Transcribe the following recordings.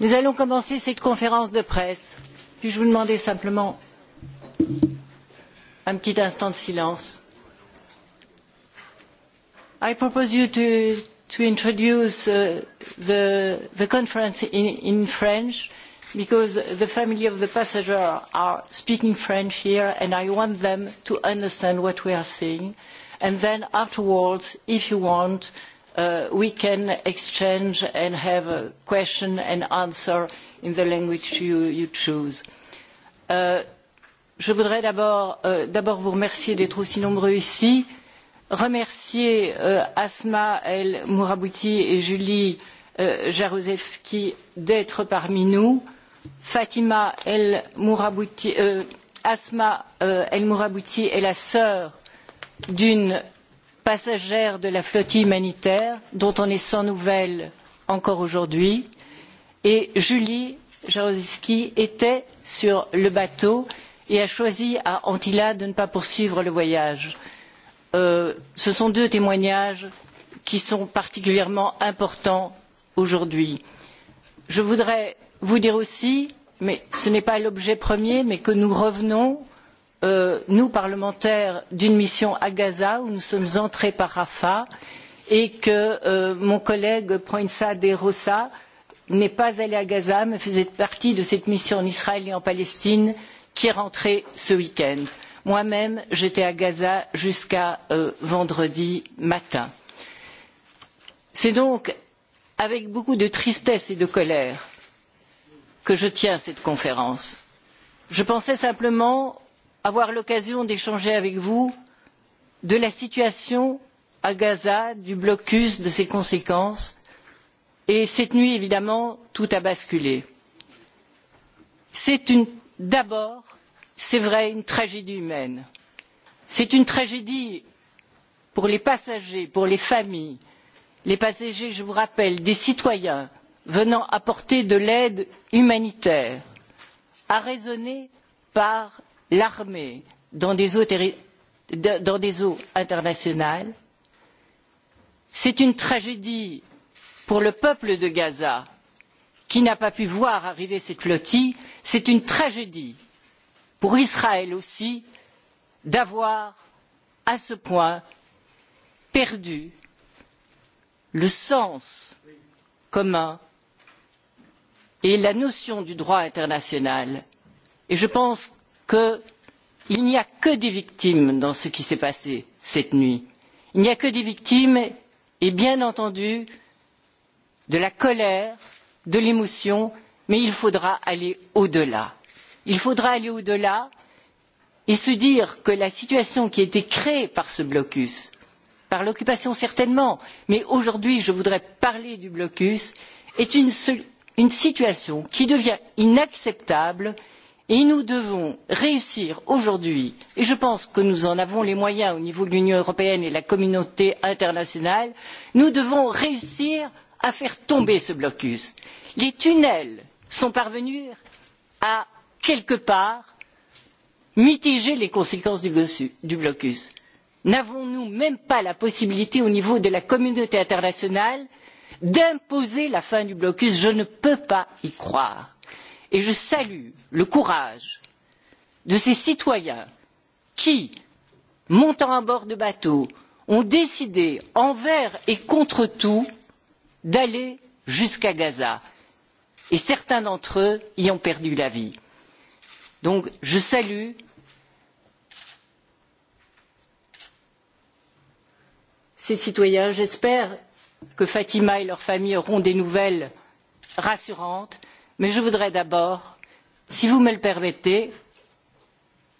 nous allons commencer cette conférence de presse. puis je vous demander simplement un petit instant de silence? i propose you to, to introduce uh, the, the conference in, in french because the family of the passenger are speaking french here and i want them to understand what we are saying and then afterwards if you want uh, uh, we can exchange and have a question and answer in the language you, you choose. Uh, je voudrais d'abord euh, vous remercier d'être aussi nombreux ici, remercier euh, Asma El Mourabouti et Julie euh, Jaruzelski d'être parmi nous, Fatima El Mourabouti, euh, Asma euh, El Mourabouti est la sœur d'une passagère de la flottille humanitaire dont on est sans nouvelles encore aujourd'hui et Julie Jaroszewski était sur le bateau et a choisi à Antilla de ne pas poursuivre le voyage. Euh, ce sont deux témoignages qui sont particulièrement importants aujourd'hui. Je voudrais vous dire aussi, mais ce n'est pas l'objet premier, mais que nous revenons euh, nous parlementaires d'une mission à gaza où nous sommes entrés par rafah et que euh, mon collègue proinsa de rossa n'est pas allé à gaza mais faisait partie de cette mission en israël et en palestine qui est rentrée ce week end. moi même j'étais à gaza jusqu'à euh, vendredi matin. c'est donc avec beaucoup de tristesse et de colère que je tiens cette conférence. je pensais simplement avoir l'occasion d'échanger avec vous de la situation à gaza du blocus de ses conséquences et cette nuit évidemment tout a basculé. c'est d'abord c'est vrai une tragédie humaine c'est une tragédie pour les passagers pour les familles les passagers je vous rappelle des citoyens venant apporter de l'aide humanitaire arraisonnés par l'armée dans des eaux, dans des eaux internationales, c'est une tragédie pour le peuple de Gaza qui n'a pas pu voir arriver cette flottille, c'est une tragédie pour Israël aussi d'avoir à ce point perdu le sens commun et la notion du droit international. Et je pense qu'il n'y a que des victimes dans ce qui s'est passé cette nuit. Il n'y a que des victimes et bien entendu de la colère, de l'émotion, mais il faudra aller au-delà. Il faudra aller au-delà et se dire que la situation qui a été créée par ce blocus, par l'occupation certainement, mais aujourd'hui je voudrais parler du blocus, est une, une situation qui devient inacceptable et nous devons réussir aujourd'hui et je pense que nous en avons les moyens au niveau de l'union européenne et de la communauté internationale nous devons réussir à faire tomber ce blocus. les tunnels sont parvenus à quelque part mitiger les conséquences du blocus. n'avons nous même pas la possibilité au niveau de la communauté internationale d'imposer la fin du blocus? je ne peux pas y croire et je salue le courage de ces citoyens qui montant à bord de bateaux ont décidé envers et contre tout d'aller jusqu'à gaza et certains d'entre eux y ont perdu la vie. donc je salue ces citoyens j'espère que fatima et leur famille auront des nouvelles rassurantes mais je voudrais d'abord si vous me le permettez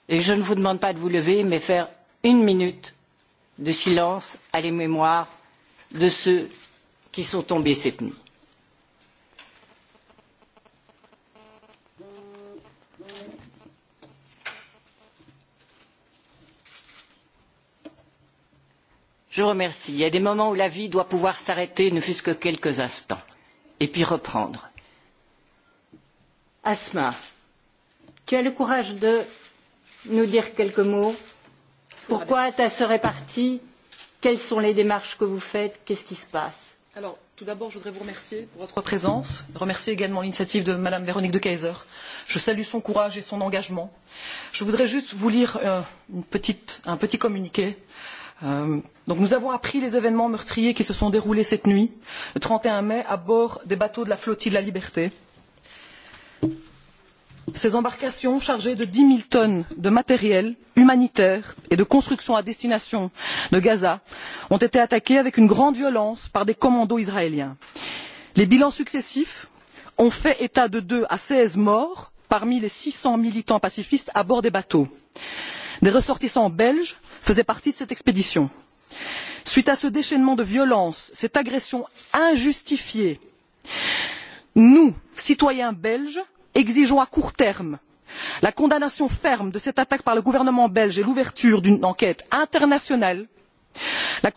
et je ne vous demande pas de vous lever mais faire une minute de silence à la mémoire de ceux qui sont tombés cette nuit. Je vous remercie. Il y a des moments où la vie doit pouvoir s'arrêter, ne fût-ce que quelques instants, et puis reprendre. Asma, tu as le courage de nous dire quelques mots Pourquoi ta sœur est partie Quelles sont les démarches que vous faites Qu'est-ce qui se passe Alors, tout d'abord, je voudrais vous remercier pour votre présence, remercier également l'initiative de Madame Véronique de Keyser. Je salue son courage et son engagement. Je voudrais juste vous lire euh, une petite, un petit communiqué. Euh, donc nous avons appris les événements meurtriers qui se sont déroulés cette nuit, le 31 mai, à bord des bateaux de la flottille de la Liberté. Euh, ces embarcations chargées de dix zéro tonnes de matériel humanitaire et de construction à destination de gaza ont été attaquées avec une grande violence par des commandos israéliens. les bilans successifs ont fait état de deux à seize morts parmi les six cents militants pacifistes à bord des bateaux. des ressortissants belges faisaient partie de cette expédition. suite à ce déchaînement de violence cette agression injustifiée nous citoyens belges exigeons à court terme la condamnation ferme de cette attaque par le gouvernement belge et l'ouverture d'une enquête internationale la,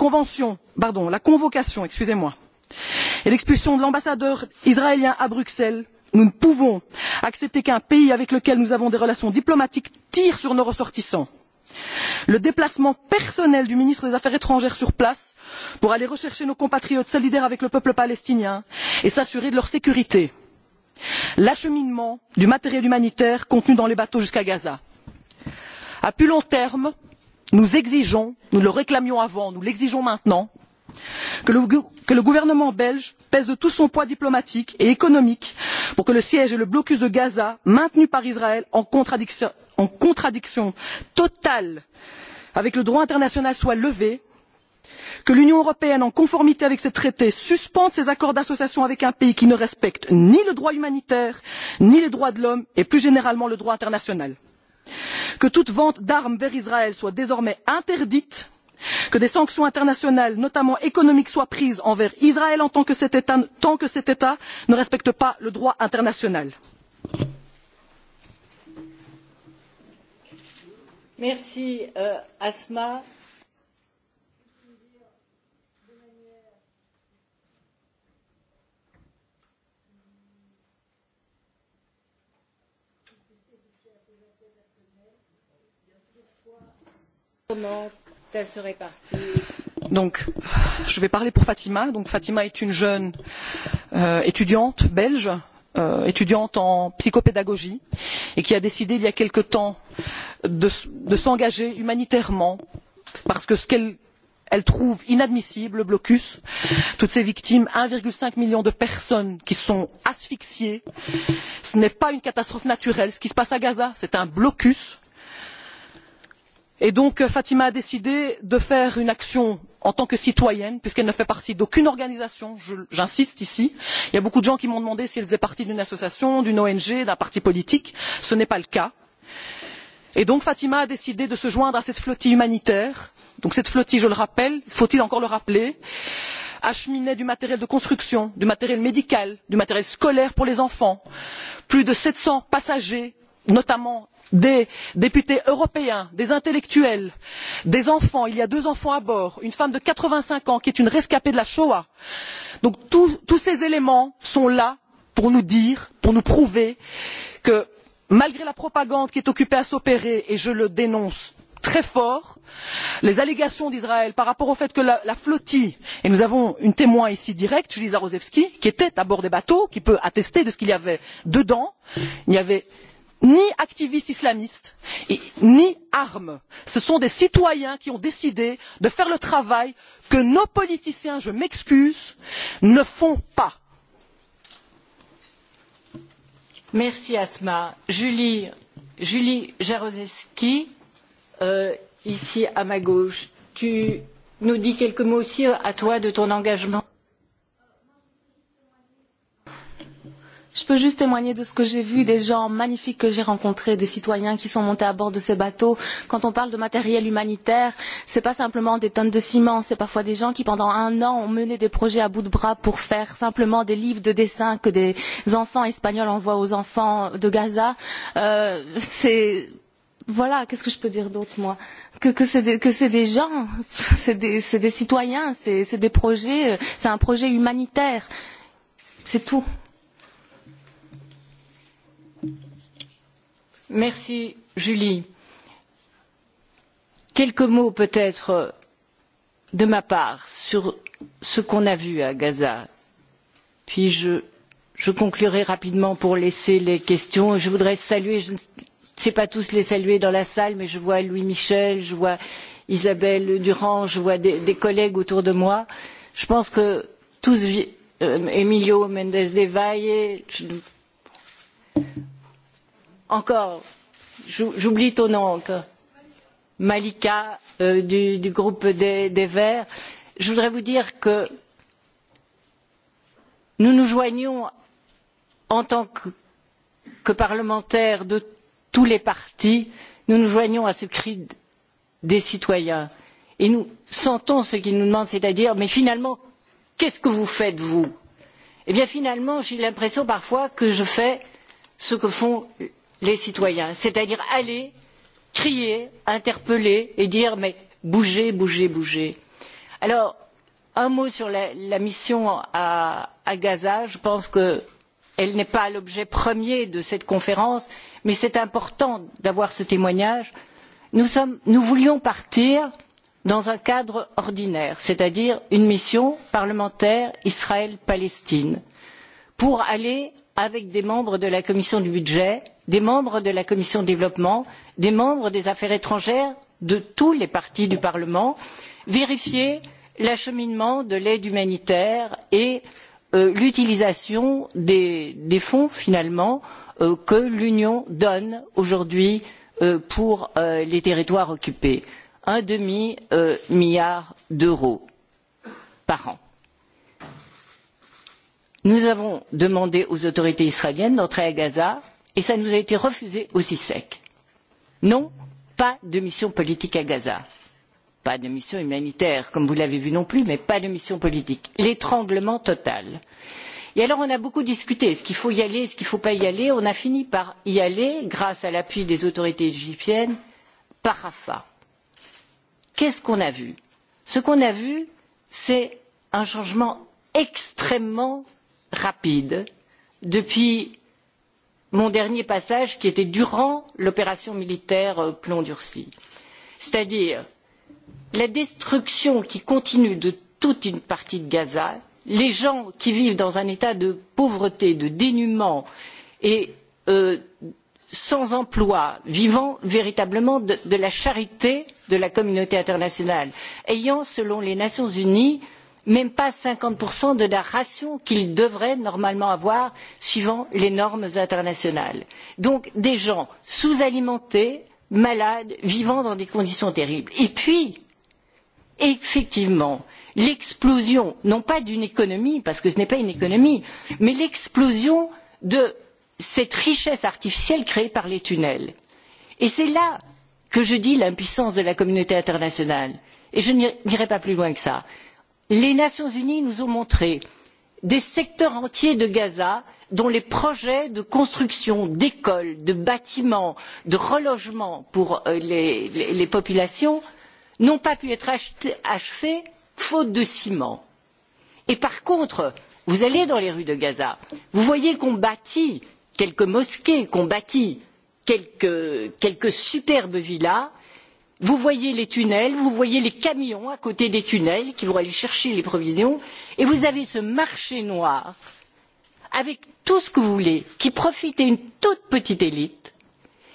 pardon, la convocation et l'expulsion de l'ambassadeur israélien à bruxelles nous ne pouvons accepter qu'un pays avec lequel nous avons des relations diplomatiques tire sur nos ressortissants. le déplacement personnel du ministre des affaires étrangères sur place pour aller rechercher nos compatriotes solidaires avec le peuple palestinien et s'assurer de leur sécurité l'acheminement du matériel humanitaire contenu dans les bateaux jusqu'à gaza. à plus long terme nous exigeons nous le réclamions avant nous l'exigeons maintenant que le, que le gouvernement belge pèse de tout son poids diplomatique et économique pour que le siège et le blocus de gaza maintenus par israël en contradiction, en contradiction totale avec le droit international soient levés que l'union européenne en conformité avec ses traités suspende ses accords d'association avec un pays qui ne respecte ni le droit humanitaire ni les droits de l'homme et plus généralement le droit international que toute vente d'armes vers israël soit désormais interdite que des sanctions internationales notamment économiques soient prises envers israël en tant que cet état, tant que cet état ne respecte pas le droit international. merci euh, asma. comment elles se répartissent donc, je vais parler pour Fatima. Donc, Fatima est une jeune euh, étudiante belge, euh, étudiante en psychopédagogie, et qui a décidé il y a quelque temps de, de s'engager humanitairement parce que ce qu'elle elle trouve inadmissible le blocus toutes ces victimes un cinq million de personnes qui sont asphyxiées ce n'est pas une catastrophe naturelle ce qui se passe à gaza c'est un blocus Et donc euh, Fatima a décidé de faire une action en tant que citoyenne, puisqu'elle ne fait partie d'aucune organisation, j'insiste ici. Il y a beaucoup de gens qui m'ont demandé si elle faisait partie d'une association, d'une ONG, d'un parti politique. Ce n'est pas le cas. Et donc Fatima a décidé de se joindre à cette flottille humanitaire. Donc cette flottille, je le rappelle, faut-il encore le rappeler, acheminait du matériel de construction, du matériel médical, du matériel scolaire pour les enfants. Plus de 700 passagers notamment des députés européens des intellectuels des enfants il y a deux enfants à bord une femme de quatre vingt cinq ans qui est une rescapée de la shoah. donc tous ces éléments sont là pour nous dire pour nous prouver que malgré la propagande qui est occupée à s'opérer et je le dénonce très fort les allégations d'israël par rapport au fait que la, la flottille et nous avons une témoin ici directe julie zarozewski qui était à bord des bateaux qui peut attester de ce qu'il y avait dedans il n'y avait ni activistes islamistes ni armes ce sont des citoyens qui ont décidé de faire le travail que nos politiciens je m'excuse ne font pas. merci asma. julie, julie jaruzelski euh, ici à ma gauche tu nous dis quelques mots aussi à toi de ton engagement? Je peux juste témoigner de ce que j'ai vu, des gens magnifiques que j'ai rencontrés, des citoyens qui sont montés à bord de ces bateaux. Quand on parle de matériel humanitaire, ce n'est pas simplement des tonnes de ciment, c'est parfois des gens qui pendant un an ont mené des projets à bout de bras pour faire simplement des livres de dessins que des enfants espagnols envoient aux enfants de Gaza. Euh, c'est voilà, qu'est-ce que je peux dire d'autre, moi Que, que c'est des, que des gens, c'est des, des citoyens, c'est des projets, euh, c'est un projet humanitaire. C'est tout. Merci Julie. Quelques mots peut-être de ma part sur ce qu'on a vu à Gaza. Puis je, je conclurai rapidement pour laisser les questions. Je voudrais saluer, je ne sais pas tous les saluer dans la salle, mais je vois Louis Michel, je vois Isabelle Durand, je vois des, des collègues autour de moi. Je pense que tous, euh, Emilio Mendes de Valle, je, encore j'oublie ton nom encore malika euh, du, du groupe des, des verts je voudrais vous dire que nous nous joignons en tant que, que parlementaires de tous les partis nous nous joignons à ce cri des citoyens et nous sentons ce qu'ils nous demandent c'est à dire mais finalement qu'est ce que vous faites vous? eh bien finalement j'ai l'impression parfois que je fais ce que font les citoyens c'est à dire aller crier interpeller et dire mais bougez bougez bougez. alors un mot sur la, la mission à, à gaza je pense qu'elle n'est pas l'objet premier de cette conférence mais c'est important d'avoir ce témoignage nous, sommes, nous voulions partir dans un cadre ordinaire c'est à dire une mission parlementaire israël palestine pour aller avec des membres de la commission du budget des membres de la commission du développement des membres des affaires étrangères de tous les partis du parlement vérifier l'acheminement de l'aide humanitaire et euh, l'utilisation des, des fonds finalement euh, que l'union donne aujourd'hui euh, pour euh, les territoires occupés un demi euh, milliard d'euros par an. nous avons demandé aux autorités israéliennes d'entrer à gaza et ça nous a été refusé aussi sec. Non, pas de mission politique à Gaza. Pas de mission humanitaire, comme vous l'avez vu non plus, mais pas de mission politique. L'étranglement total. Et alors on a beaucoup discuté, est-ce qu'il faut y aller, est-ce qu'il ne faut pas y aller On a fini par y aller, grâce à l'appui des autorités égyptiennes, par Rafah. Qu'est-ce qu'on a vu Ce qu'on a vu, c'est un changement extrêmement rapide depuis mon dernier passage qui était durant l'opération militaire euh, plomb durci c'est à dire la destruction qui continue de toute une partie de gaza les gens qui vivent dans un état de pauvreté de dénuement et euh, sans emploi vivant véritablement de, de la charité de la communauté internationale ayant selon les nations unies même pas cinquante de la ration qu'ils devraient normalement avoir suivant les normes internationales. donc des gens sous alimentés malades vivant dans des conditions terribles. et puis effectivement l'explosion non pas d'une économie parce que ce n'est pas une économie mais l'explosion de cette richesse artificielle créée par les tunnels. et c'est là que je dis l'impuissance de la communauté internationale et je n'irai pas plus loin que cela les nations unies nous ont montré des secteurs entiers de gaza dont les projets de construction d'écoles de bâtiments de relogement pour euh, les, les, les populations n'ont pas pu être achevés faute de ciment. Et par contre vous allez dans les rues de gaza vous voyez qu'on bâtit quelques mosquées qu'on bâtit quelques, quelques superbes villas vous voyez les tunnels vous voyez les camions à côté des tunnels qui vont aller chercher les provisions et vous avez ce marché noir avec tout ce que vous voulez qui profite à une toute petite élite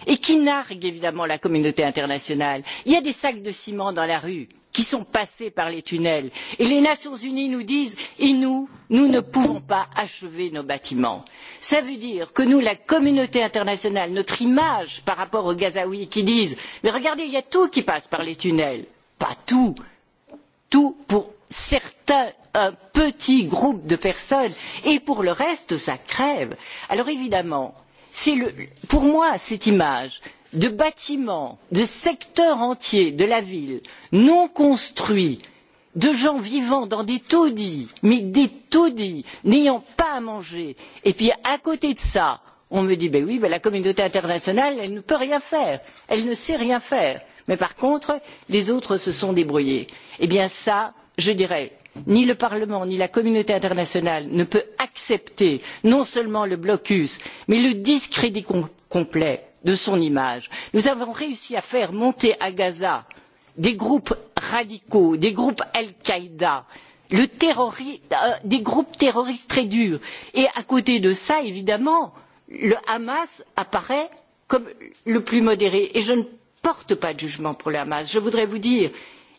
et qui nargue évidemment la communauté internationale. il y a des sacs de ciment dans la rue qui sont passés par les tunnels et les nations unies nous disent et nous nous ne pouvons pas achever nos bâtiments. cela veut dire que nous la communauté internationale notre image par rapport aux gazaouis qui disent mais regardez il y a tout qui passe par les tunnels pas tout tout pour certains un petit groupe de personnes et pour le reste ça crève. alors évidemment c'est le, pour moi cette image de bâtiments de secteurs entiers de la ville non construits de gens vivant dans des taudis mais des taudis n'ayant pas à manger et puis à côté de ça on me dit ben oui ben la communauté internationale elle ne peut rien faire elle ne sait rien faire mais par contre les autres se sont débrouillés eh bien ça je dirais ni le parlement ni la communauté internationale ne peut accepter non seulement le blocus mais le discrédit com complet de son image. Nous avons réussi à faire monter à Gaza des groupes radicaux, des groupes Al-Qaïda, terrori, euh, des groupes terroristes très durs. Et à côté de ça, évidemment, le Hamas apparaît comme le plus modéré. Et je ne porte pas de jugement pour le Hamas. Je voudrais vous dire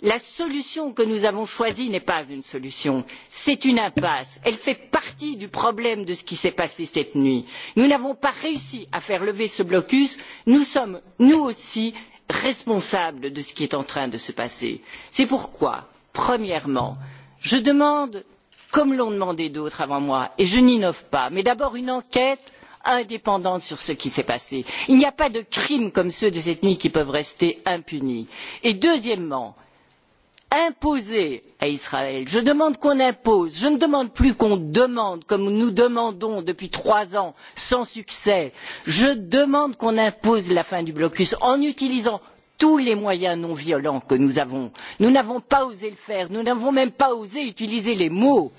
la solution que nous avons choisie n'est pas une solution c'est une impasse elle fait partie du problème de ce qui s'est passé cette nuit. nous n'avons pas réussi à faire lever ce blocus nous sommes nous aussi responsables de ce qui est en train de se passer. c'est pourquoi premièrement je demande comme l'ont demandé d'autres avant moi et je n'innove pas mais d'abord une enquête indépendante sur ce qui s'est passé. il n'y a pas de crimes comme ceux de cette nuit qui peuvent rester impunis. et deuxièmement imposer à Israël. Je demande qu'on impose, je ne demande plus qu'on demande, comme nous demandons depuis trois ans sans succès. Je demande qu'on impose la fin du blocus en utilisant tous les moyens non violents que nous avons. Nous n'avons pas osé le faire, nous n'avons même pas osé utiliser les mots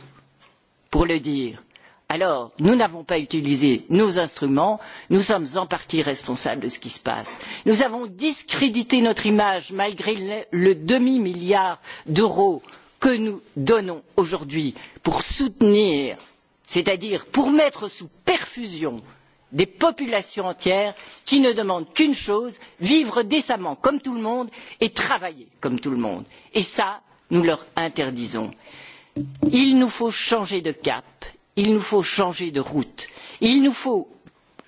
pour le dire alors nous n'avons pas utilisé nos instruments nous sommes en partie responsables de ce qui se passe. nous avons discrédité notre image malgré le demi milliard d'euros que nous donnons aujourd'hui pour soutenir c'est à dire pour mettre sous perfusion des populations entières qui ne demandent qu'une chose vivre décemment comme tout le monde et travailler comme tout le monde et ça nous leur interdisons. il nous faut changer de cap il nous faut changer de route il nous faut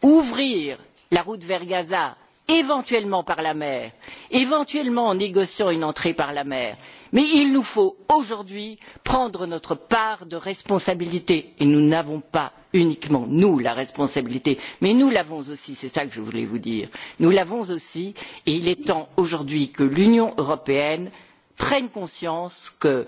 ouvrir la route vers gaza éventuellement par la mer éventuellement en négociant une entrée par la mer mais il nous faut aujourd'hui prendre notre part de responsabilité et nous n'avons pas uniquement nous la responsabilité mais nous l'avons aussi c'est ça que je voulais vous dire nous l'avons aussi et il est temps aujourd'hui que l'union européenne prenne conscience que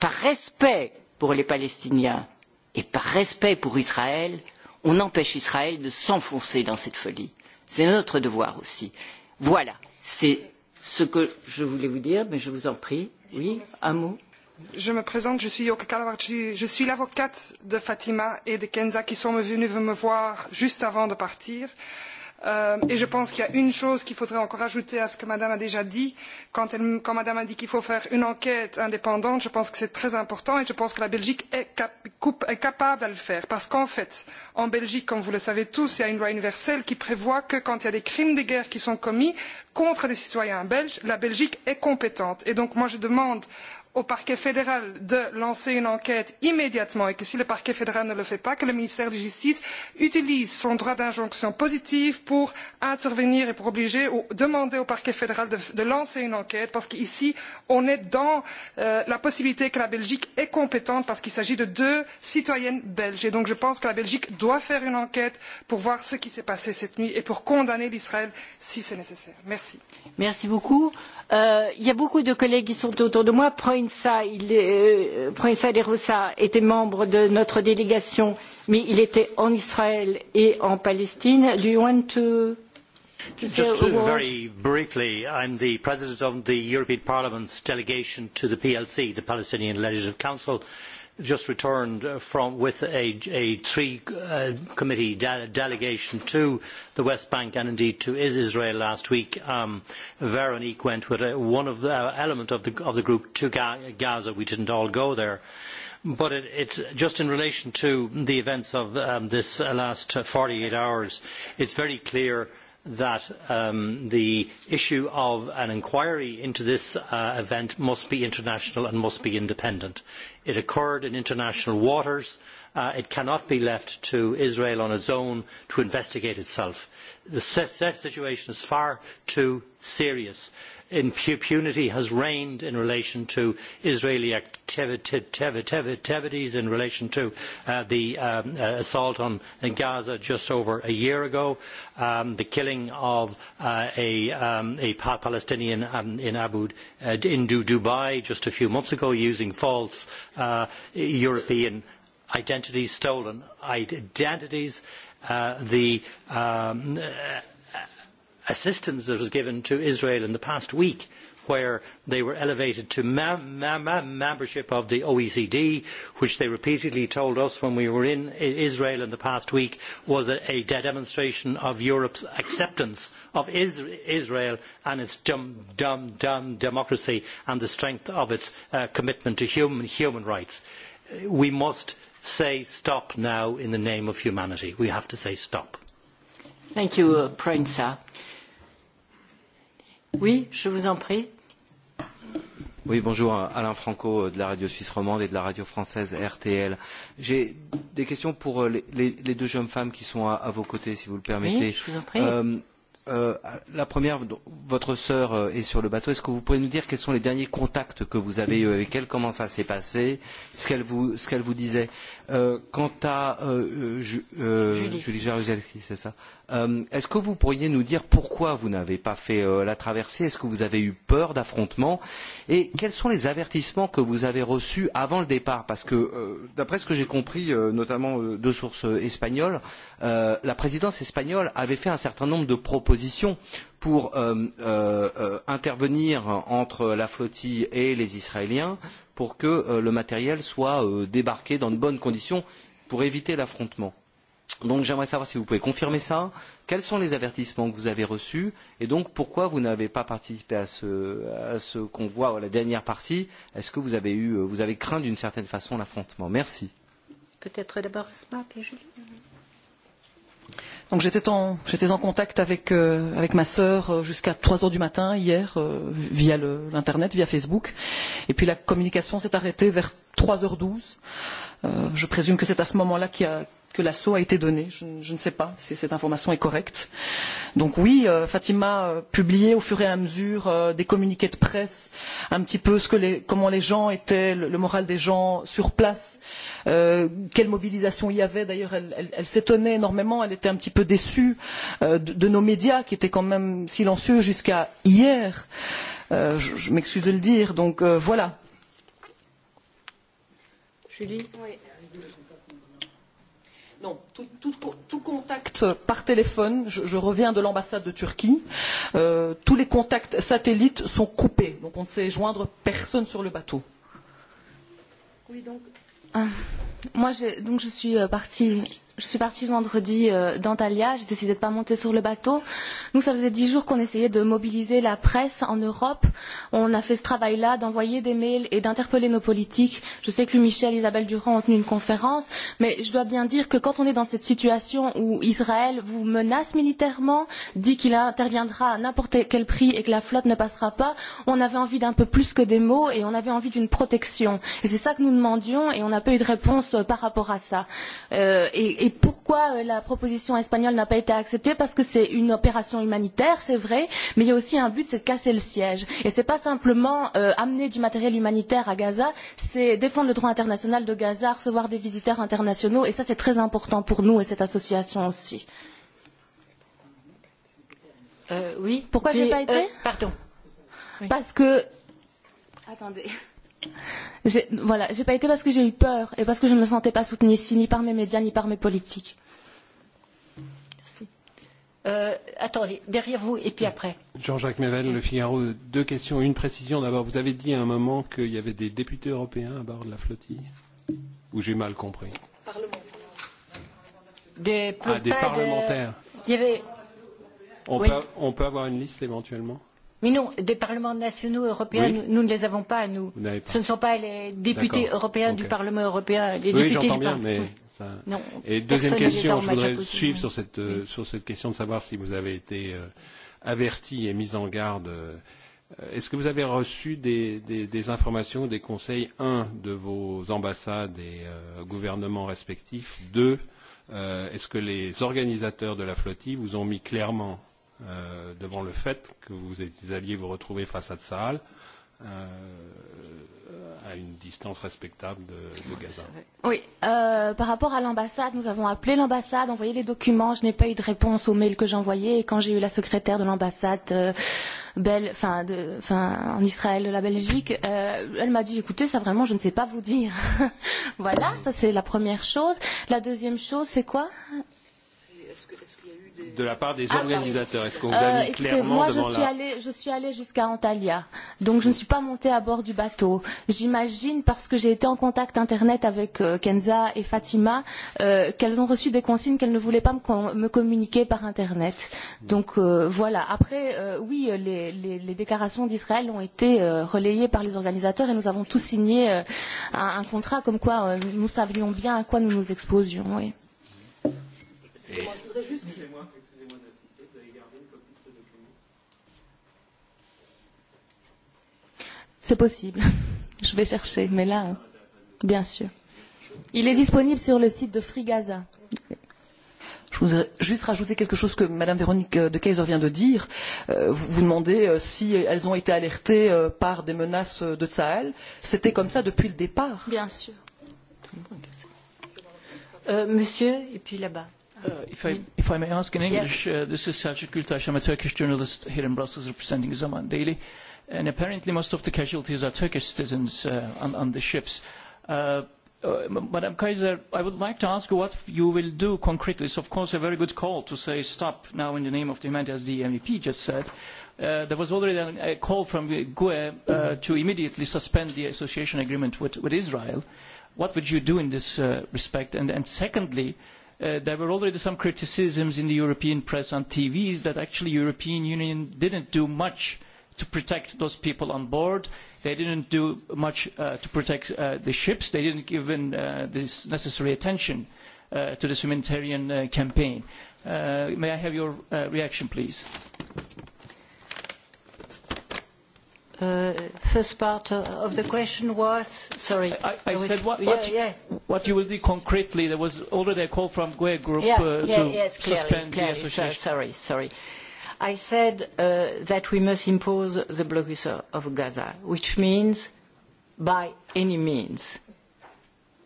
par respect pour les palestiniens et par respect pour Israël, on empêche Israël de s'enfoncer dans cette folie. C'est notre devoir aussi. Voilà, c'est ce que je voulais vous dire, mais je vous en prie. Oui, un mot. Je me présente, je suis Yoke Kalawachi, je suis l'avocate de Fatima et de Kenza qui sont venus me voir juste avant de partir. Euh, Euh, et je pense qu'il y a une chose qu'il faudrait encore ajouter à ce que Madame a déjà dit. Quand, elle, quand Madame a dit qu'il faut faire une enquête indépendante, je pense que c'est très important et je pense que la Belgique est, cap, coupe, est capable de le faire. Parce qu'en fait, en Belgique, comme vous le savez tous, il y a une loi universelle qui prévoit que quand il y a des crimes de guerre qui sont commis contre des citoyens belges, la Belgique est compétente. Et donc moi je demande au parquet fédéral de lancer une enquête immédiatement et que si le parquet fédéral ne le fait pas que le ministère de la justice utilise son droit d'injonction positive pour intervenir et pour obliger ou demander au parquet fédéral de, de lancer une enquête parce qu'ici on est dans euh, la possibilité que la Belgique est compétente parce qu'il s'agit de deux citoyennes belges et donc je pense que la Belgique doit faire une enquête pour voir ce qui s'est passé cette nuit et pour condamner l'Israël si c'est nécessaire. Merci. Merci beaucoup. Euh, il euh, y a beaucoup de collègues qui sont autour de moi. Prends une Proensa, il est, euh, Proensa de Rosa était membre de notre délégation, mais il était en Israël et en Palestine. Do you want to Just, just very briefly, I'm the president of the European Parliament's delegation to the PLC, the Palestinian Legislative Council just returned from with a, a three uh, committee de- delegation to the West Bank and indeed to Israel last week. Um, Veronique went with a, uh, one of the uh, element of the of the group to Ga- Gaza. We didn't all go there. But it, it's just in relation to the events of um, this uh, last 48 hours, it's very clear uh, that um, the issue of an inquiry into this uh, event must be international and must be independent. It occurred in international waters. Uh, it cannot be left to Israel on its own to investigate itself. The situation is far too serious. Uh, impunity has reigned in relation to Israeli activities in relation to uh, the um, uh, assault on Gaza just over a year ago, um, the killing of uh, a, um, a Palestinian um, in Abu uh, in Dubai just a few months ago using false uh, European identities, stolen identities, uh, the um, uh, assistance that was given to Israel in the past week where they were elevated to ma- ma- ma- membership of the OECD, which they repeatedly told us when we were in Israel in the past week was a, a demonstration of Europe's acceptance of is- Israel and its dum- dum- dum democracy and the strength of its uh, commitment to human, human rights. We must say stop now in the name of humanity. We have to say stop. Thank you, uh, Prensa. Oui, je vous en prie. Oui, bonjour, Alain Franco euh, de la radio suisse romande et de la radio française RTL. J'ai des questions pour euh, les, les, les deux jeunes femmes qui sont à, à vos côtés, si vous le permettez. Oui, je vous en prie. Euh, Euh, la première, votre sœur euh, est sur le bateau. Est-ce que vous pouvez nous dire quels sont les derniers contacts que vous avez eus avec elle Comment ça s'est passé Ce qu'elle vous, ce qu'elle vous disait. Euh, quant à euh, euh, ju, euh, Julie, Julie Jaruzelski, c'est ça. Euh, est-ce que vous pourriez nous dire pourquoi vous n'avez pas fait euh, la traversée Est-ce que vous avez eu peur d'affrontements Et quels sont les avertissements que vous avez reçus avant le départ Parce que, euh, d'après ce que j'ai compris, euh, notamment euh, de sources euh, espagnoles, euh, la présidence espagnole avait fait un certain nombre de propositions disposition pour euh, euh, euh, intervenir entre la flottille et les Israéliens pour que euh, le matériel soit euh, débarqué dans de bonnes conditions pour éviter l'affrontement. Donc j'aimerais savoir si vous pouvez confirmer ça, quels sont les avertissements que vous avez reçus et donc pourquoi vous n'avez pas participé à ce, à ce convoi, à la dernière partie. Est-ce que vous avez, eu, euh, vous avez craint d'une certaine façon l'affrontement Merci. Peut-être d'abord Asma, puis Julie. Donc j'étais en, j'étais en contact avec, euh, avec ma sœur euh, jusqu'à 3 heures du matin hier euh, via l'internet, via Facebook. Et puis la communication s'est arrêtée vers 3h12. Euh, je présume que c'est à ce moment-là qu'il y a que l'assaut a été donné. Je, je ne sais pas si cette information est correcte. Donc oui, euh, Fatima euh, publiait au fur et à mesure euh, des communiqués de presse, un petit peu ce que les, comment les gens étaient, le, le moral des gens sur place, euh, quelle mobilisation il y avait. D'ailleurs, elle, elle, elle s'étonnait énormément, elle était un petit peu déçue euh, de, de nos médias qui étaient quand même silencieux jusqu'à hier. Euh, je je m'excuse de le dire. Donc euh, voilà. Julie oui non, tout, tout, tout contact par téléphone, je, je reviens de l'ambassade de Turquie, euh, tous les contacts satellites sont coupés, donc on ne sait joindre personne sur le bateau. Oui, donc, euh, moi, donc je suis euh, partie je suis partie vendredi euh, d'Antalya, j'ai décidé de ne pas monter sur le bateau. Nous, ça faisait dix jours qu'on essayait de mobiliser la presse en Europe. On a fait ce travail-là, d'envoyer des mails et d'interpeller nos politiques. Je sais que Michel et Isabelle Durand ont tenu une conférence, mais je dois bien dire que quand on est dans cette situation où Israël vous menace militairement, dit qu'il interviendra à n'importe quel prix et que la flotte ne passera pas, on avait envie d'un peu plus que des mots et on avait envie d'une protection. Et c'est ça que nous demandions et on n'a pas eu de réponse euh, par rapport à ça. Euh, et, et et pourquoi euh, la proposition espagnole n'a pas été acceptée Parce que c'est une opération humanitaire, c'est vrai, mais il y a aussi un but, c'est de casser le siège. Et ce n'est pas simplement euh, amener du matériel humanitaire à Gaza, c'est défendre le droit international de Gaza, recevoir des visiteurs internationaux, et ça c'est très important pour nous et cette association aussi. Euh, oui. Pourquoi j'ai pas euh, été euh, Pardon. Oui. Parce que. Attendez. Euh, Voilà, j'ai pas été parce que j'ai eu peur et parce que je ne me sentais pas soutenue ici, ni par mes médias, ni par mes politiques. Merci. Euh, attendez, derrière vous et puis après. Jean-Jacques Mével, Le Figaro. Deux questions, une précision. D'abord, vous avez dit à un moment qu'il y avait des députés européens à bord de la flottille. Ou j'ai mal compris Parlement. Des, ah, des parlementaires. De... Il y avait... on, oui. peut, on peut avoir une liste éventuellement Mais non, des parlements nationaux européens, oui. nous, nous ne les avons pas, nous. Pas. Ce ne sont pas les députés européens okay. du Parlement européen. Les oui, députés du bien, mais... Oui. Ça... Non, Et deuxième question, je voudrais suivre sur cette, euh, oui. sur cette question de savoir si vous avez été euh, averti et mis en garde. Euh, Est-ce que vous avez reçu des, des, des informations, des conseils, un, de vos ambassades et euh, gouvernements respectifs Deux, euh, est-ce que les organisateurs de la flottille vous ont mis clairement euh, devant le fait que vous alliez vous retrouver face à Tsahal euh, à une distance respectable de, de Gaza. Oui, euh, par rapport à l'ambassade, nous avons appelé l'ambassade, envoyé les documents. Je n'ai pas eu de réponse au mail que j'ai envoyé. Et quand j'ai eu la secrétaire de l'ambassade euh, bel, fin de, fin, en Israël, de la Belgique, euh, elle m'a dit écoutez, ça vraiment, je ne sais pas vous dire. voilà, ça c'est la première chose. La deuxième chose, c'est quoi est, est -ce que, est -ce que de la part des ah, organisateurs Est-ce qu'on vous a mis euh, clairement moi, devant je suis la... allée, Je suis allée jusqu'à Antalya, donc je ne suis pas montée à bord du bateau. J'imagine, parce que j'ai été en contact Internet avec euh, Kenza et Fatima, euh, qu'elles ont reçu des consignes qu'elles ne voulaient pas me, com me communiquer par Internet. Hmm. Donc euh, voilà. Après, euh, oui, euh, les, les, les déclarations d'Israël ont été euh, relayées par les organisateurs et nous avons tous signé euh, un, un contrat comme quoi euh, nous savions bien à quoi nous nous exposions. Oui. Et... Moi, je voudrais juste... Excusez-moi, excusez-moi d'insister, vous avez gardé une copie de ce document C'est possible. Je vais chercher, mais là, bien sûr. Il est disponible sur le site de Frigaza. Je voudrais juste rajouter quelque chose que Madame Véronique euh, de Keyser vient de dire. Euh, vous, vous demandez euh, si elles ont été alertées euh, par des menaces euh, de Tsahel. C'était comme ça depuis le départ. Bien sûr. Euh, monsieur, et puis là-bas. Uh, if, I, if I may ask in English, yes. uh, this is Selçuk Gültaş. I'm a Turkish journalist here in Brussels representing Zaman Daily. And apparently most of the casualties are Turkish citizens uh, on, on the ships. Uh, uh, Madam Kaiser, I would like to ask you what you will do concretely. It's, of course, a very good call to say stop now in the name of the humanity, as the MEP just said. Uh, there was already a, a call from GUE uh, to immediately suspend the association agreement with, with Israel. What would you do in this uh, respect? And, and secondly, uh, Uh, there were already some criticisms in the European press and TVs that actually European Union didn't do much to protect those people on board. They didn't do much uh, to protect uh, the ships. They didn't give in, uh, this necessary attention uh, to this humanitarian uh, campaign. Uh, may I have your uh, reaction, please? Uh, Uh, first part uh, of the question was? Sorry. I, I was, said what, what, yeah, yeah. what you will do concretely. There was already a call from GUE Group yeah, uh, yeah, to yes, clearly, suspend clearly, the association. So, sorry, sorry. I said uh, that we must impose the blockade of Gaza, which means by any means.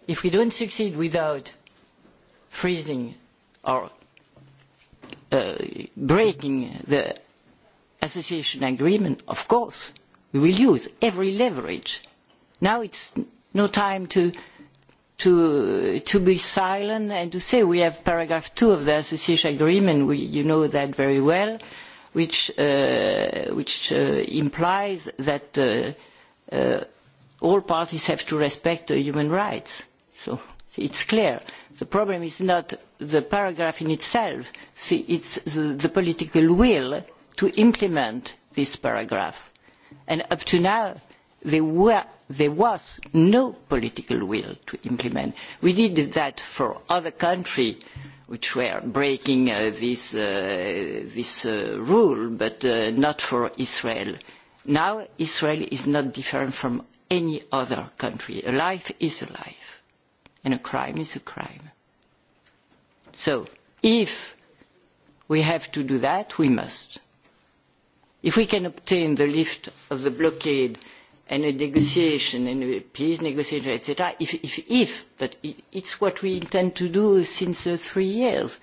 If we don't succeed without freezing or uh, breaking the association agreement, of course, We will use every leverage. Now it's no time to, to, to be silent and to say we have paragraph 2 of the association agreement, we, you know that very well, which, uh, which uh, implies that uh, uh, all parties have to respect uh, human rights. So it's clear. The problem is not the paragraph in itself, See, it's the, the political will to implement this paragraph and up to now there, were, there was no political will to implement. We did that for other countries which were breaking uh, this, uh, this uh, rule, but uh, not for Israel. Now Israel is not different from any other country. A life is a life, and a crime is a crime. So if we have to do that, we must. If we can obtain the lift of the blockade and a negotiation and a peace negotiation, etc., if, if, if, but it, it's what we intend to do since uh, three years,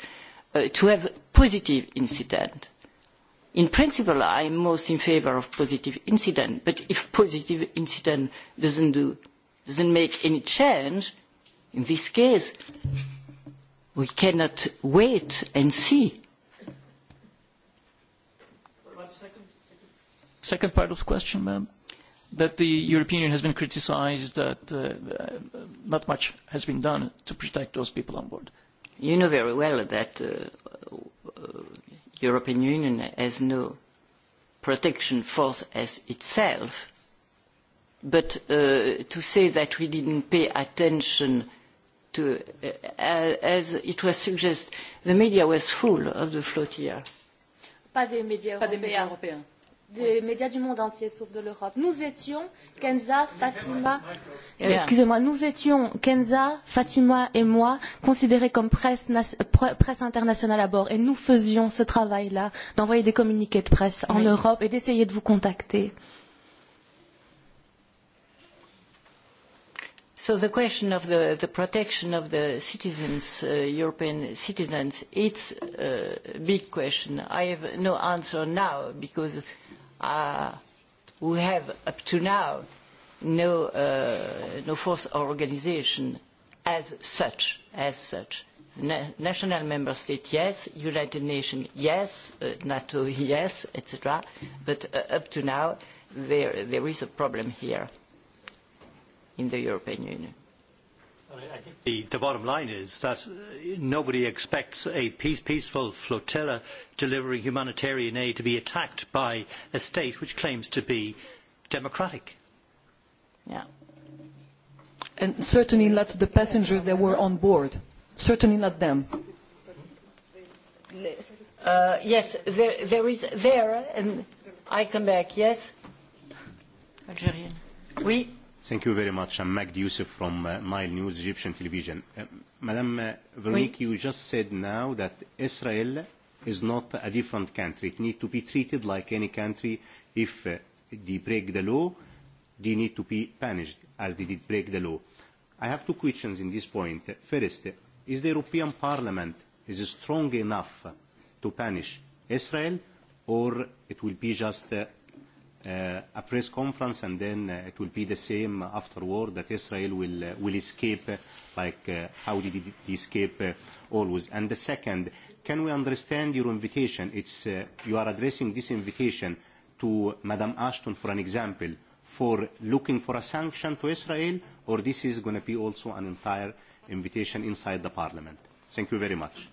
uh, to have positive incident. In principle, I'm most in favor of positive incident, but if positive incident doesn't do, doesn't make any change, in this case, we cannot wait and see Second part of the question, ma'am, that the European Union has been criticized that uh, uh, not much has been done to protect those people on board. You know very well that uh, uh, European Union has no protection force as itself, but uh, to say that we didn't pay attention to, uh, as it was suggested, the media was full of the flotilla. Pas des médias européens. Pas des médias européens des médias du monde entier, sauf de l'Europe. Nous étions Kenza, Fatima, euh, excusez-moi, nous étions Kenza, Fatima et moi considérés comme presse, presse internationale à bord, et nous faisions ce travail-là d'envoyer des communiqués de presse en oui. Europe et d'essayer de vous contacter. Euh, So the question of the, the protection of the citizens, uh, European citizens, it's a big question. I have no answer now because uh, we have up to now no, uh, no force or organization as such, as such. Na national member state, yes, United Nations, yes, uh, NATO, yes, etc. But uh, up to now, there, there is a problem here in the European Union. I think the, the bottom line is that uh, nobody expects a peace, peaceful flotilla delivering humanitarian aid to be attacked by a state which claims to be democratic. Yeah. And certainly not the passengers that were on board. Certainly not them. Uh, yes, there, there is there, and I come back, yes? Algérienne. Oui Thank you very much. I'm Magdi Youssef from uh, Nile News, Egyptian television. Uh, Madam uh, Veronique, oui. you just said now that Israel is not a different country. It needs to be treated like any country. If uh, they break the law, they need to be punished as they did break the law. I have two questions in this point. First, is the European Parliament is strong enough to punish Israel or it will be just uh, uh, a press conference, and then uh, it will be the same afterward that Israel will, uh, will escape, uh, like uh, how did it escape uh, always. And the second, can we understand your invitation? It's, uh, you are addressing this invitation to Madam Ashton, for an example, for looking for a sanction to Israel, or this is going to be also an entire invitation inside the parliament? Thank you very much.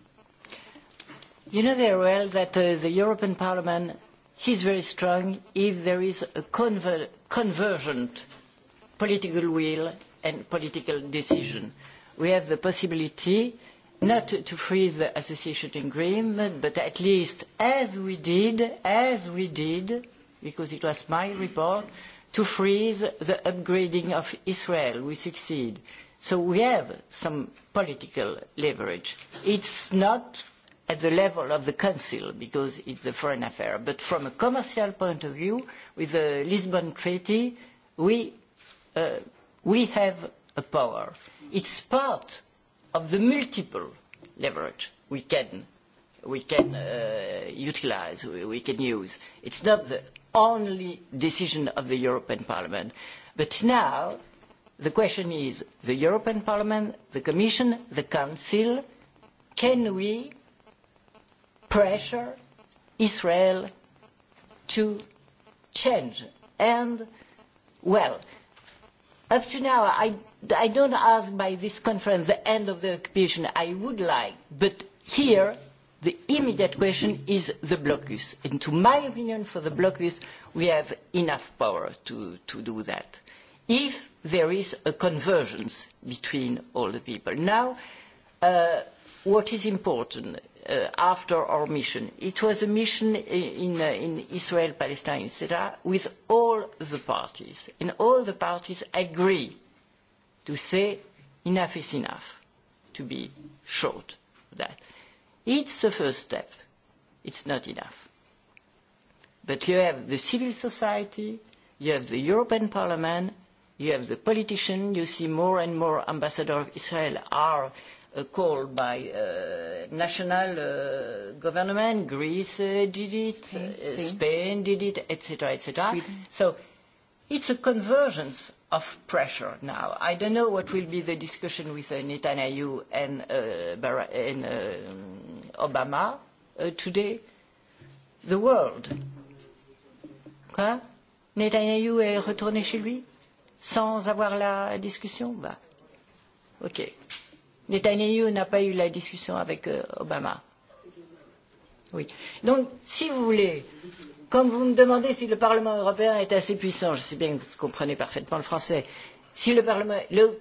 You know very well that uh, the European Parliament he's very strong if there is a conver convergent political will and political decision. We have the possibility not to freeze the association agreement, but at least as we did, as we did, because it was my report, to freeze the upgrading of Israel. We succeed. So we have some political leverage. It's not at the level of the Council, because it's the foreign affair. But from a commercial point of view, with the Lisbon Treaty, we, uh, we have a power. It's part of the multiple leverage we can, we can uh, utilize, we, we can use. It's not the only decision of the European Parliament. But now, the question is, the European Parliament, the Commission, the Council, can we pressure Israel to change. And, well, up to now, I, I don't ask by this conference the end of the occupation. I would like, but here, the immediate question is the blocus. And to my opinion, for the blocus, we have enough power to, to do that. If there is a convergence between all the people. Now, uh, what is important uh, after our mission. It was a mission in, uh, in Israel, Palestine, etc., with all the parties. And all the parties agree to say enough is enough, to be short of that. It's the first step. It's not enough. But you have the civil society, you have the European Parliament, you have the politicians, you see more and more ambassadors of Israel are uh, uh, called by uh, national uh, government. Greece uh, did it, Spain, uh, Spain. Spain did it, etc., etc. Sweden. So it's a convergence of pressure now. I don't know what will be the discussion with uh, Netanyahu and, uh, Bar- and uh, Obama uh, today. The world. Quoi Netanyahu est retourné chez lui sans avoir la discussion bah. Ok. Netanyahu n'a pas eu la discussion avec euh, Obama. Oui. Donc, si vous voulez, comme vous me demandez si le Parlement européen est assez puissant, je sais bien que vous comprenez parfaitement le français, si le Parlement, le,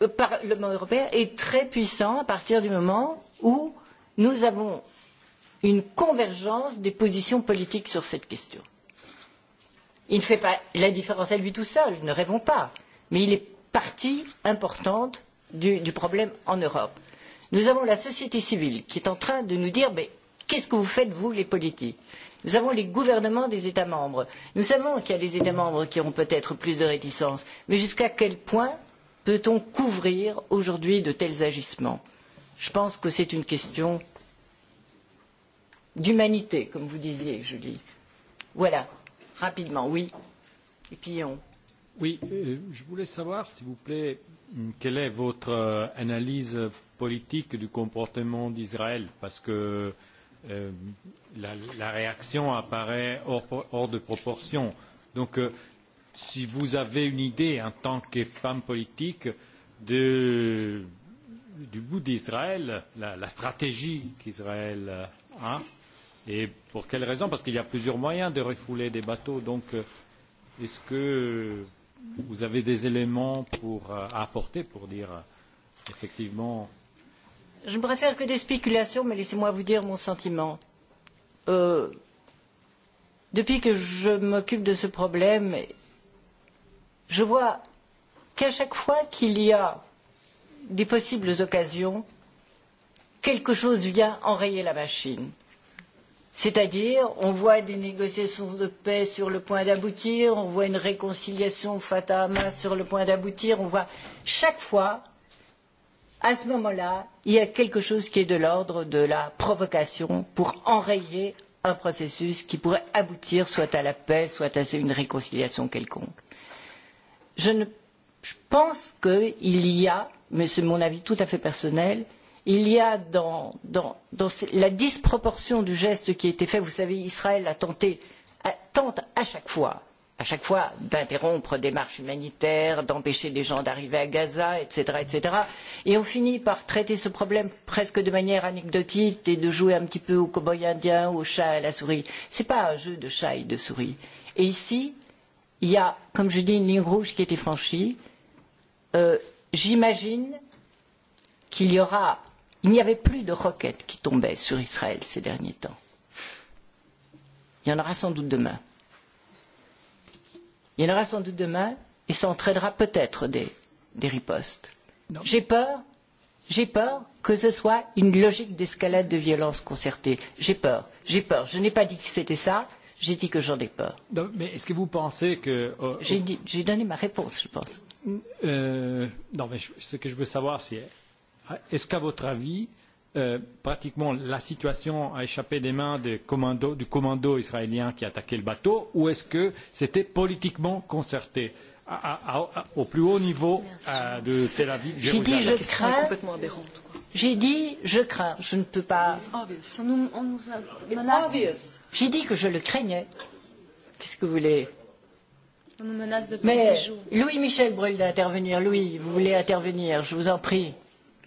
le Parlement européen est très puissant à partir du moment où nous avons une convergence des positions politiques sur cette question. Il ne fait pas la différence à lui tout seul, ne rêvons pas, mais il est partie importante du, du problème en Europe. Nous avons la société civile qui est en train de nous dire mais qu'est-ce que vous faites, vous, les politiques Nous avons les gouvernements des États membres. Nous savons qu'il y a des États membres qui ont peut-être plus de réticences, mais jusqu'à quel point peut-on couvrir aujourd'hui de tels agissements Je pense que c'est une question d'humanité, comme vous disiez, Julie. Voilà, rapidement, oui. Et puis on. Oui, euh, je voulais savoir, s'il vous plaît, Quelle est votre euh, analyse politique du comportement d'Israël Parce que euh, la, la réaction apparaît hors, hors de proportion. Donc, euh, si vous avez une idée en tant que femme politique de, du bout d'Israël, la, la stratégie qu'Israël a, et pour quelle raison Parce qu'il y a plusieurs moyens de refouler des bateaux. Donc, euh, est-ce que. Euh, vous avez des éléments pour, euh, à apporter pour dire euh, effectivement. Je ne préfère que des spéculations, mais laissez-moi vous dire mon sentiment. Euh, depuis que je m'occupe de ce problème, je vois qu'à chaque fois qu'il y a des possibles occasions, quelque chose vient enrayer la machine. Euh, C'est-à-dire, on voit des négociations de paix sur le point d'aboutir, on voit une réconciliation Fatah Hamas sur le point d'aboutir, on voit chaque fois, à ce moment-là, il y a quelque chose qui est de l'ordre de la provocation pour enrayer un processus qui pourrait aboutir soit à la paix, soit à une réconciliation quelconque. Je, ne, je pense qu'il y a, mais c'est mon avis tout à fait personnel, euh, il y a dans, dans, dans la disproportion du geste qui a été fait vous savez israël a tenté a, tente à chaque fois à chaque fois d'interrompre des marches humanitaires d'empêcher des gens d'arriver à gaza etc. etc. et on finit par traiter ce problème presque de manière anecdotique et de jouer un petit peu au cow boy indien au chat et à la souris. ce n'est pas un jeu de chat et de souris. et ici il y a comme je dis une ligne rouge qui a été franchie. Euh, j'imagine qu'il y aura Il n'y avait plus de roquettes qui tombaient sur Israël ces derniers temps. Il y en aura sans doute demain. Il y en aura sans doute demain et ça entraînera peut-être des, des ripostes. J'ai peur, j'ai peur que ce soit une logique d'escalade de violence concertée. J'ai peur, j'ai peur. Je n'ai pas dit que c'était ça, j'ai dit que j'en ai peur. Non, mais est-ce que vous pensez que... Euh, j'ai, dit, j'ai donné ma réponse, je pense. Euh, non, mais je, ce que je veux savoir, c'est Euh, est-ce qu'à votre avis, euh, pratiquement la situation a échappé des mains des commando, du commando israélien qui a attaqué le bateau ou est-ce que c'était politiquement concerté à, à, à, au plus haut niveau à, de Tel Aviv J'ai dit je crains. J'ai dit je crains. Je ne peux pas. J'ai dit que je le craignais. Qu'est-ce que vous voulez On nous menace de Mais Louis Michel brûle d'intervenir. Louis, vous voulez intervenir Je vous en prie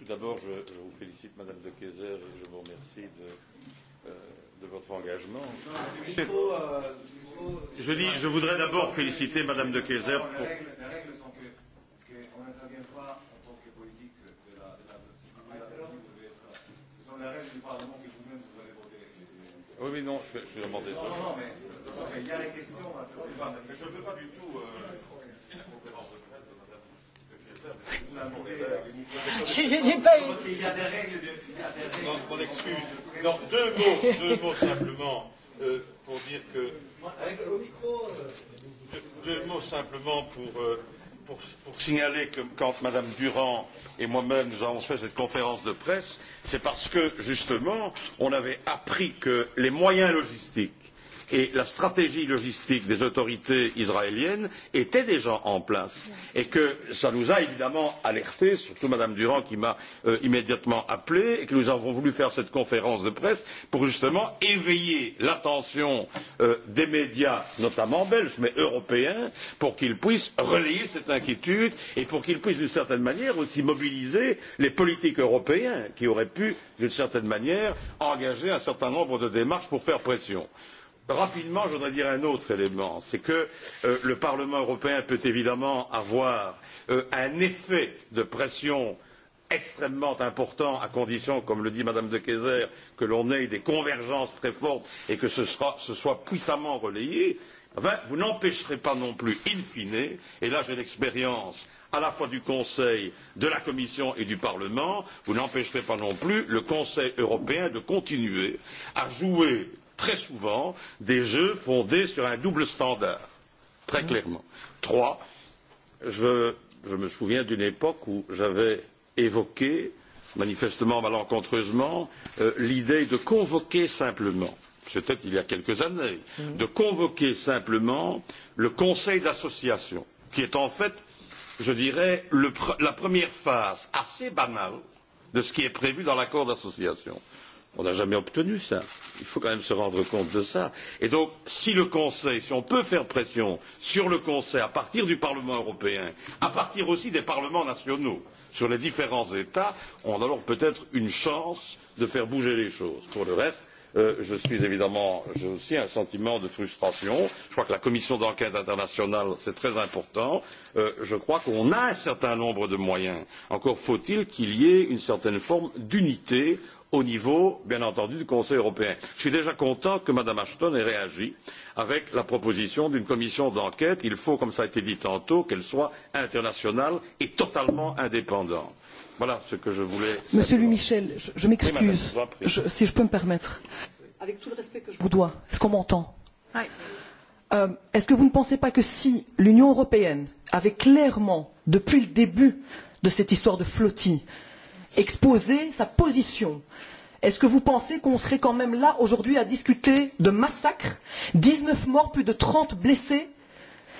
tout d'abord, je, je vous félicite, Madame de Kayser, et je vous remercie de, euh, de votre engagement. Euh, euh, je, dis, je voudrais d'abord féliciter Madame de Kayser pour. Les règles sont qu'on n'intervient pas en tant que politique de la. De la, de la, de la ce sont les règles du Parlement que vous-même vous avez votées. Oui, mais non, je, je suis demandé. Non, non, mais euh, il y a les questions. Je ne veux pas du tout. Euh, J'ai pas eu. Il y a des règles. De... Non, on excuse. Non, deux mots, deux mots simplement euh, pour dire que. Euh. Deux, deux mots simplement pour, euh, pour, pour signaler que quand Mme Durand et moi-même nous avons fait cette conférence de presse, c'est parce que justement on avait appris que les moyens logistiques et la stratégie logistique des autorités israéliennes était déjà en place et que ça nous a évidemment alertés, surtout Madame Durand qui m'a euh, immédiatement appelé et que nous avons voulu faire cette conférence de presse pour justement éveiller l'attention euh, des médias, notamment belges mais européens, pour qu'ils puissent relayer cette inquiétude et pour qu'ils puissent d'une certaine manière aussi mobiliser les politiques européens qui auraient pu d'une certaine manière engager un certain nombre de démarches pour faire pression rapidement je voudrais dire un autre élément c'est que euh, le parlement européen peut évidemment avoir euh, un effet de pression extrêmement important à condition comme le dit mme de keyser que l'on ait des convergences très fortes et que ce, sera, ce soit puissamment relayé enfin, vous n'empêcherez pas non plus in fine et là j'ai l'expérience à la fois du conseil de la commission et du parlement vous n'empêcherez pas non plus le conseil européen de continuer à jouer euh, très souvent des jeux fondés sur un double standard, très mhm. clairement. Trois, je, je me souviens d'une époque où j'avais évoqué, manifestement malencontreusement, euh, l'idée de convoquer simplement c'était il y a quelques années mmh. de convoquer simplement le conseil d'association, qui est en fait, je dirais, le, la première phase assez banale de ce qui est prévu dans l'accord d'association. On n'a jamais obtenu ça. Il faut quand même se rendre compte de ça. Et donc, si le Conseil, si on peut faire pression sur le Conseil à partir du Parlement européen, à partir aussi des parlements nationaux, sur les différents États, on a alors peut-être une chance de faire bouger les choses. Pour le reste, euh, je suis évidemment, j'ai aussi un sentiment de frustration. Je crois que la commission d'enquête internationale, c'est très important. Euh, je crois qu'on a un certain nombre de moyens. Encore faut-il qu'il y ait une certaine forme d'unité au niveau bien entendu du conseil européen. je suis déjà content que mme ashton ait réagi avec la proposition d'une commission d'enquête. il faut comme cela a été dit tantôt qu'elle soit internationale et totalement indépendante. voilà ce que je voulais. monsieur louis michel je, je m'excuse oui, si je peux me permettre avec tout le respect que je vous dois est ce qu'on m'entend? Oui. Euh, est ce que vous ne pensez pas que si l'union européenne avait clairement depuis le début de cette histoire de flottille exposer sa position. Est-ce que vous pensez qu'on serait quand même là aujourd'hui à discuter de massacres, 19 morts, plus de 30 blessés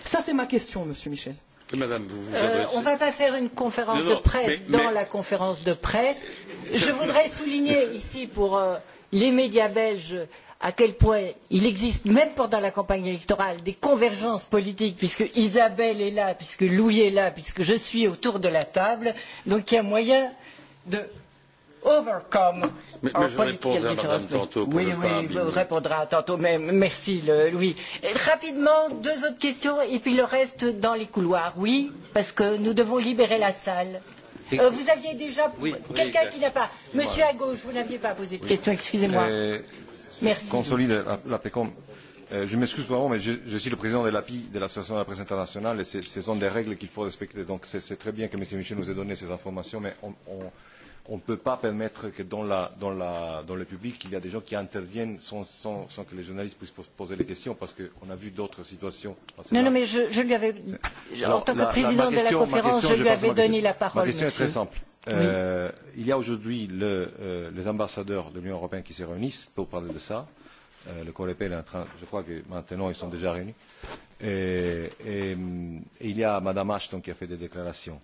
Ça, c'est ma question, Monsieur Michel. Madame, vous vous euh, adressez... euh, on ne va pas faire une conférence non, non, de presse mais, dans mais... la conférence de presse. Je voudrais souligner ici pour euh, les médias belges à quel point il existe, même pendant la campagne électorale, des convergences politiques, puisque Isabelle est là, puisque Louis est là, puisque je suis autour de la table. Donc il y a moyen euh, de overcome mais, our mais je political differences. Tantôt pour oui, oui, vous répondra tantôt, mais merci le, Louis. Et rapidement, deux autres questions et puis le reste dans les couloirs. Oui, parce que nous devons libérer la salle. Et... Euh, vous aviez déjà oui, quelqu'un oui, qui n'a pas. Monsieur voilà. à gauche, vous n'aviez pas posé de oui. question, excusez-moi. Euh, merci. Consolide la, la PECOM. Euh, je m'excuse vraiment, mais je, je suis le président de l'API, de l'Association de la presse internationale, et ce sont des règles qu'il faut respecter. Donc c'est très bien que M. Michel nous ait donné ces informations, mais on, on, on ne peut pas permettre que dans, la, dans, la, dans le public, il y a des gens qui interviennent sans, sans, sans que les journalistes puissent poser les questions, parce qu'on a vu d'autres situations. Non, non, mais je, je lui avais, Alors, en tant la, que président la, ma question, de la conférence, question, je lui avais donné question, la parole. Ma question monsieur. est très simple. Euh, oui. Il y a aujourd'hui le, euh, les ambassadeurs de l'Union européenne qui se réunissent pour parler de ça. Euh, le Corépel est en train, je crois que maintenant ils sont déjà réunis. Et, et, et il y a Madame Ashton qui a fait des déclarations.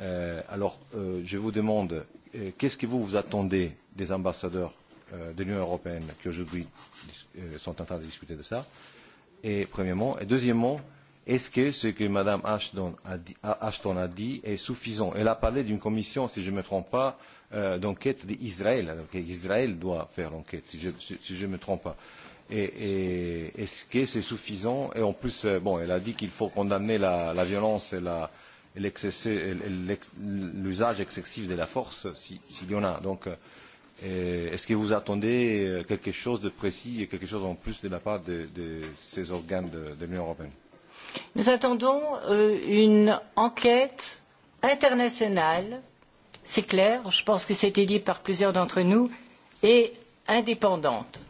Euh, alors, euh, je vous demande, euh, euh, qu'est-ce que vous vous attendez des ambassadeurs euh, de l'Union européenne qui aujourd'hui euh, sont en train de discuter de ça Et premièrement, et deuxièmement, est-ce que ce que Mme Ashton a dit, Ashton a dit est suffisant Elle a parlé d'une commission, si je ne me trompe pas, euh, d'enquête d'Israël. Donc Israël doit faire l'enquête, si je ne si, si je me trompe pas. Et, et est-ce que c'est suffisant Et en plus, euh, bon, elle a dit qu'il faut condamner la, la violence et la, euh, l'usage ex, excessif de la force, s'il si, y en a. Donc, euh, est-ce que vous attendez euh, quelque chose de précis et quelque chose en plus de la part de, de ces organes de, de l'Union européenne Nous attendons euh, une enquête internationale, c'est clair, je pense que c'était dit par plusieurs d'entre nous, et indépendante.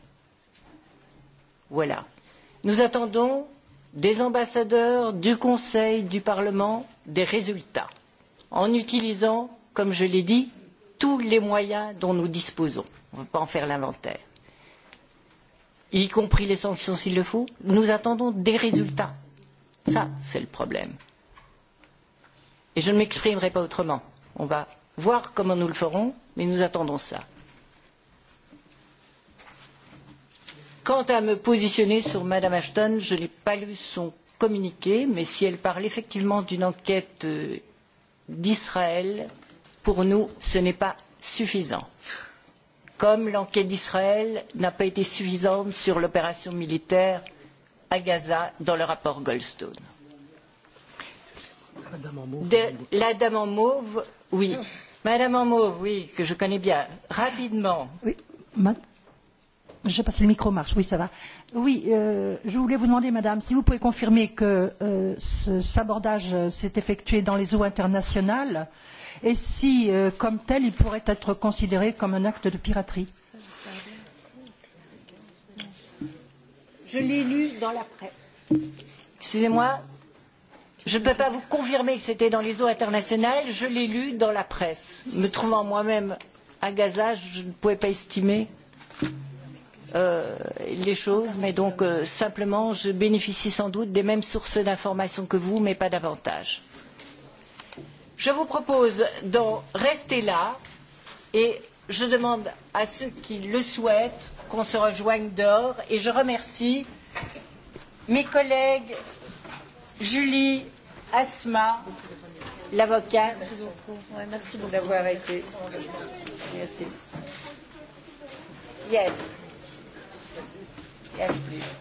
Voilà. Nous attendons des ambassadeurs, du Conseil, du Parlement, des résultats, en utilisant, comme je l'ai dit, tous les moyens dont nous disposons. On ne va pas en faire l'inventaire, y compris les sanctions s'il le faut. Nous attendons des résultats. Ça, c'est le problème. Et je ne m'exprimerai pas autrement. On va voir comment nous le ferons, mais nous attendons ça. Quant à me positionner sur Mme Ashton, je n'ai pas lu son communiqué, mais si elle parle effectivement d'une enquête euh, d'Israël, pour nous, ce n'est pas suffisant. Comme l'enquête d'Israël n'a pas été suffisante sur l'opération militaire à Gaza dans le rapport Goldstone. De, la dame en mauve, oui. Madame en mauve, oui, que je connais bien. Rapidement. Oui. Ma Je ne sais pas si le micro marche. Oui, ça va. Oui, euh, je voulais vous demander, Madame, si vous pouvez confirmer que euh, ce, cet abordage euh, s'est effectué dans les eaux internationales et si, euh, comme tel, il pourrait être considéré comme un acte de piraterie. Je l'ai lu dans la presse. Excusez-moi, je ne peux pas vous confirmer que c'était dans les eaux internationales. Je l'ai lu dans la presse. Me trouvant moi-même à Gaza, je ne pouvais pas estimer. Merci euh, les choses, mais donc euh, simplement je bénéficie sans doute des mêmes sources d'informations que vous, mais pas davantage. Je vous propose d'en rester là et je demande à ceux qui le souhaitent qu'on se rejoigne dehors et je remercie mes collègues Julie, Asma, l'avocat, ouais, merci beaucoup d'avoir été. Merci. Yes. Yes, please.